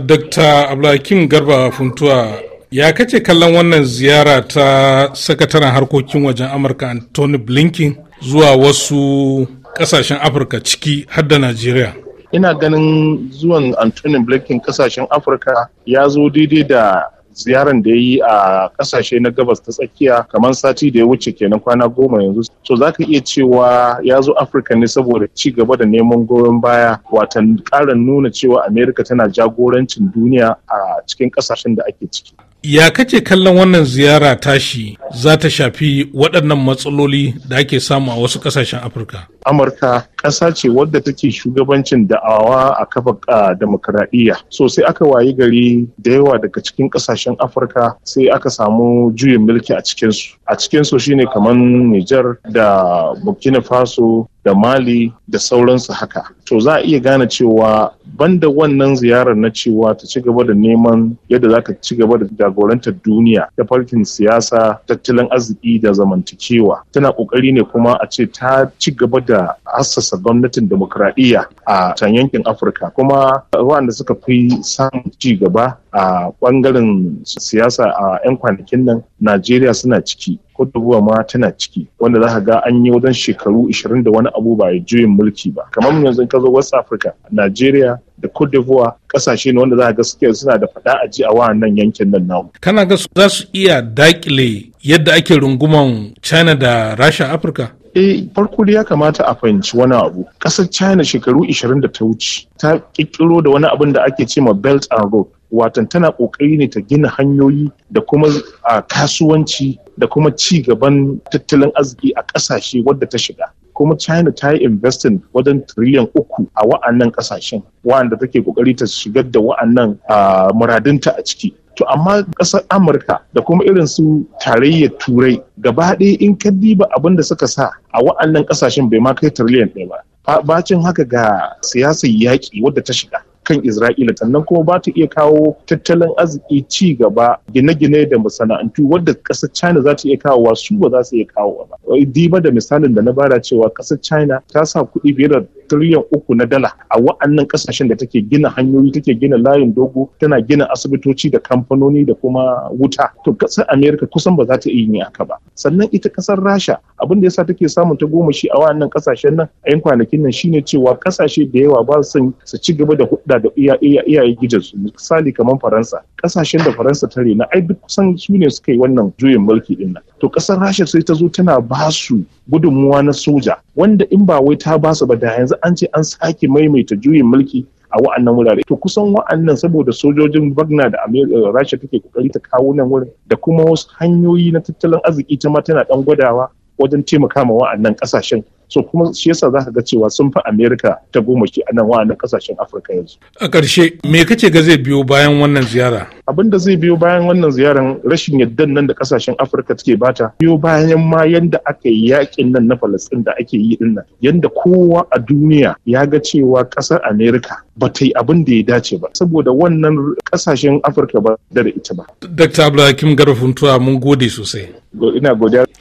Dr. Abdulhakim Garba Funtuwa ya kace kallon wannan ziyara ta sakataren harkokin wajen Amurka Anthony Blinken zuwa wasu kasashen Afirka ciki har da Najeriya. Ina ganin zuwan Anthony Blinken kasashen Afirka ya zo daidai da ziyaran da ya yi a kasashe na gabas ta tsakiya kamar sati da ya wuce kenan kwana goma yanzu to za ka iya cewa ya zo afirka ne saboda ci gaba da neman goyon baya wata karin nuna cewa amerika tana jagorancin duniya a cikin kasashen da ake ciki ya kace kallon wannan ziyara tashi za ta shafi waɗannan matsaloli da ake samu a wasu ƙasashen afirka amurka ƙasa ce wadda take shugabancin da'awa a kafa demokradiyya so sai aka wayi gari da yawa daga cikin ƙasashen afirka sai aka samu juyin mulki a cikinsu a cikinsu shine kamar niger da burkina faso da mali da sauransu haka to za a iya gane cewa banda wannan ziyarar na cewa ta ci gaba da neman yadda za ka ci gaba da jagorantar duniya ta farkin siyasa ta tattalin arziki da zamantakewa tana kokari ne kuma a ce ta ci gaba da hassasa gwamnatin demokradiyya a can yankin afirka kuma waɗanda suka fi samun ci gaba a bangaren siyasa a 'yan kwanakin nan najeriya suna ciki Cote ma tana ciki wanda za ka ga an yi wajen shekaru 20 da wani abu ba ya juyin mulki ba kamar yanzu ka zo West Africa Nigeria da Cote d'Ivoire kasashe ne wanda za ka ga suke suna da fada a ji a wannan yankin nan namu. Kana ga za su iya dakile yadda ake runguman China da Rasha Afirka? eh farko da ya kamata a fahimci wani abu ƙasar china shekaru 20 da ta wuce ta ƙirƙiro da wani abin da ake ce ma belt and road watan tana kokari ne ta gina hanyoyi da kuma a kasuwanci da kuma ci gaban tattalin arziki a kasashe wadda ta shiga kuma china ta yi investing wajen triliyan uku a wa'annan kasashen wa'anda take kokari ta shigar da wa'annan muradinta a ciki to amma ƙasar amurka da kuma irin su tarayyar turai gaba ɗaya in ka diba abin da suka sa a wa'annan ƙasashen bai ma kai triliyan ɗaya ba bacin haka ga siyasar yaƙi wadda ta shiga kan Isra'ila sannan kuma ba ta iya kawo tattalin arziki ci gaba gine-gine da masana'antu wadda ƙasar China za ta iya kawowa su ba za su iya kawowa ba. diba da misalin da na bara cewa kasar china ta sa kuɗi fiye da tiriliyan uku na dala a wa'annan kasashen da take gina hanyoyi take gina layin dogo tana gina asibitoci da kamfanoni da kuma wuta to kasar america kusan ba za ta iya haka ba sannan ita kasar rasha abin da yasa take samun ta goma shi a wa'annan kasashen nan a yan kwanakin nan shine cewa kasashe da yawa ba su su ci gaba da hudda da iyaye gidansu misali kamar faransa kasashen da faransa ta rena ai duk kusan su ne suka yi wannan juyin mulki din to kasar rasha sai ta zo tana ba su gudunmuwa na soja wanda in ba wai ta ba su ba da yanzu an ce an sake maimaita juyin mulki a wa'annan wurare to kusan wa'annan saboda sojojin bagna da eh, rasha take kokari ta kawo nan wurin da kuma wasu hanyoyi na tattalin arziki ta ma tana dan gwadawa wajen taimaka ma wa'annan kasashen so kuma shi yasa za ka ga cewa sun fi amerika ta goma shi a nan wa'annan kasashen afirka yanzu a ƙarshe me kace ga zai biyo bayan wannan ziyara abin da zai biyo bayan wannan ziyaran rashin yaddan nan da kasashen afirka take bata biyo bayan ma yanda aka yi yakin nan na falastin da ake yi din nan yanda kowa a duniya ya ga cewa ƙasar amerika ba ta yi abin da ya dace ba saboda wannan kasashen afirka ba da ita ba dr abdulhakim garfuntuwa mun gode sosai ina godiya